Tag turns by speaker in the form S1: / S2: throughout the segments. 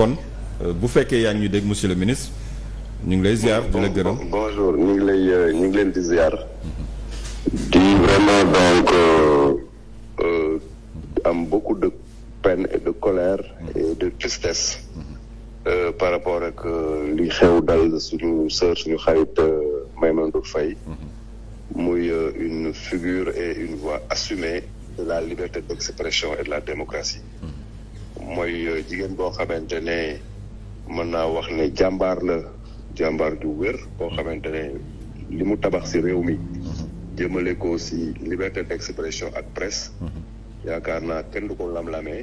S1: kon euh, bu fekkee yaa ngi ñu dégg monsieur le ministre ñu ngi lay ziar di la gërëm.
S2: bonjour ñu ngi lay euh, ñu ngi leen di ziar. Mm-hmm. di vraiment donc euh, am beaucoup de peine et de colère mm-hmm. et de tristesse. Mm-hmm. par rapport ak li xew dal suñu sœur suñu xarit Maïma Ndour Faye muy une figure et une voix assumée de la liberté d'expression et de la démocratie. Mm mooy jigéen boo xamante ne mën naa wax ne jàmbaar la jàmbaar ju wér boo xamante ne li mu tabax ci réew mi jëmale ko ci liberté d'expression ak presse mm-hmm. yaakaar naa kenn du ko lam lame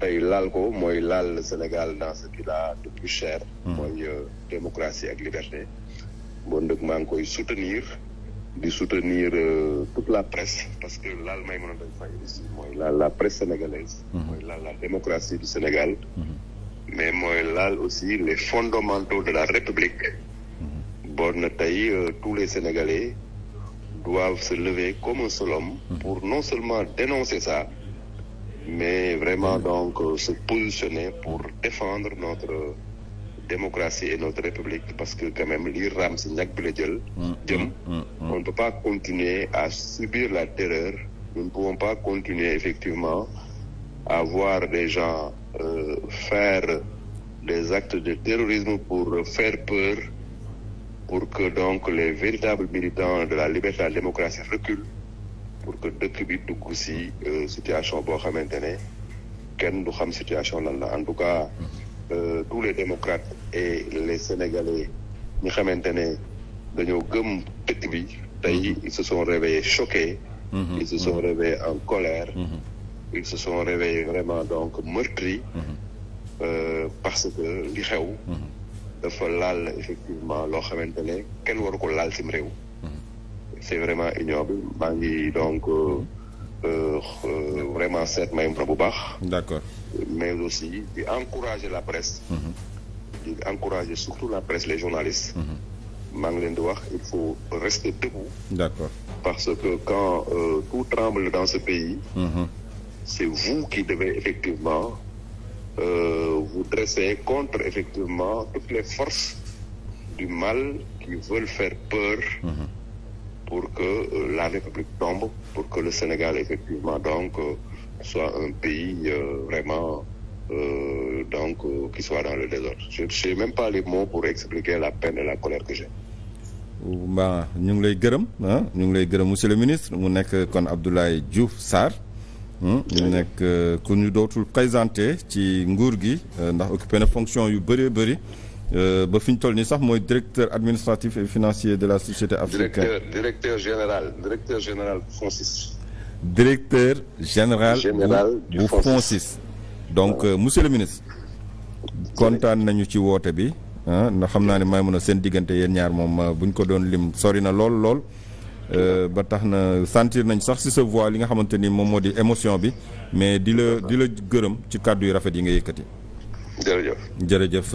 S2: tey laal ko mooy laal Sénégal dans ce qu'il a de plus mm-hmm. mooy euh, démocratie ak liberté bon dëgg maa ngi koy soutenir di soutenir euh, toute la presse parce que laal may la presse sénégalaise mhm. mooy laal la démocratie du Sénégal mhm. mais mooy laal aussi les fondamentaux de la République mhm. bon na tey euh, tous les Sénégalais doivent se lever comme un seul homme pour non seulement dénoncer ça mais vraiment donc euh, se positionner pour défendre notre démocratie et notre république parce que quand même lii raam si ñàkk bi la jël
S1: mm, mm, jëm mm,
S2: on ne peut pas continuer à subir la terreur nous ne pouvons pas continuer effectivement à voir des gens euh, faire des actes de terrorisme pour faire peur pour que donc les véritables militants de la liberté à la démocratie reculent pour que dëkk bi dugg si euh, situation boo xamante ne kenn du xam situation lan la en tout cas Euh, tous les démocrates et les sénégalais ñi xamante ne dañoo gëm dëkk bi tey mhm. ils se sont réveillés choqués mhm. ils se sont mhm. réveillés en colère ils se sont réveillés vraiment donc meurtris euh, parce que li xew dafa laal effectivement loo xamante ne kenn waru laal sim réew c'est vraiment ignoble maa ngi donc euh, Euh, euh, vraiment seet mayum bu baax. d'accord mais aussi di la presse. Mhm. di encourager surtout la presse les journalistes. Mhm. maa ngi leen di wax il faut rester debout. parce que quand euh, tout tremble dans ce pays. Mm-hmm. c'est vous qui devez effectivement euh, vous dresser contre effectivement toutes les forces du mal qui veulent faire peur. Mhm. pour que euh, la République tombe, pour que le Sénégal, effectivement, donc, euh, soit un pays euh, vraiment, donc, qui soit dans le désordre. Je n'ai même pas les mots pour expliquer la peine et la colère que j'ai.
S1: waaw ñu ngi lay gërëm ah ñu ngi lay gërëm monsieur le ministre mu nekk kon Abdoulaye Diouf Sarr. mu nekk ku ñu dootul présenté ci nguur gi ndax occupé na fonction yu bëree bëri. Euh, ba fi ñu toll nii sax mooy directeur administratif et financier de la société africaine directeur
S2: directeur général directeur général FONSIS.
S1: directeur général bu FONSIS donc euh, monsieur le ministre kontaan nañu ci woote bi ndax xam naa ne may mën a seen diggante yéen ñaar moom euh, buñ ko doon lim sori na lool lool ba tax na sentir nañ sax ci sa voix li nga xamante ni moom moo di émotion bi mais di la di la gërëm ci kàddu yu rafet yi nga yëkkati jërëjëf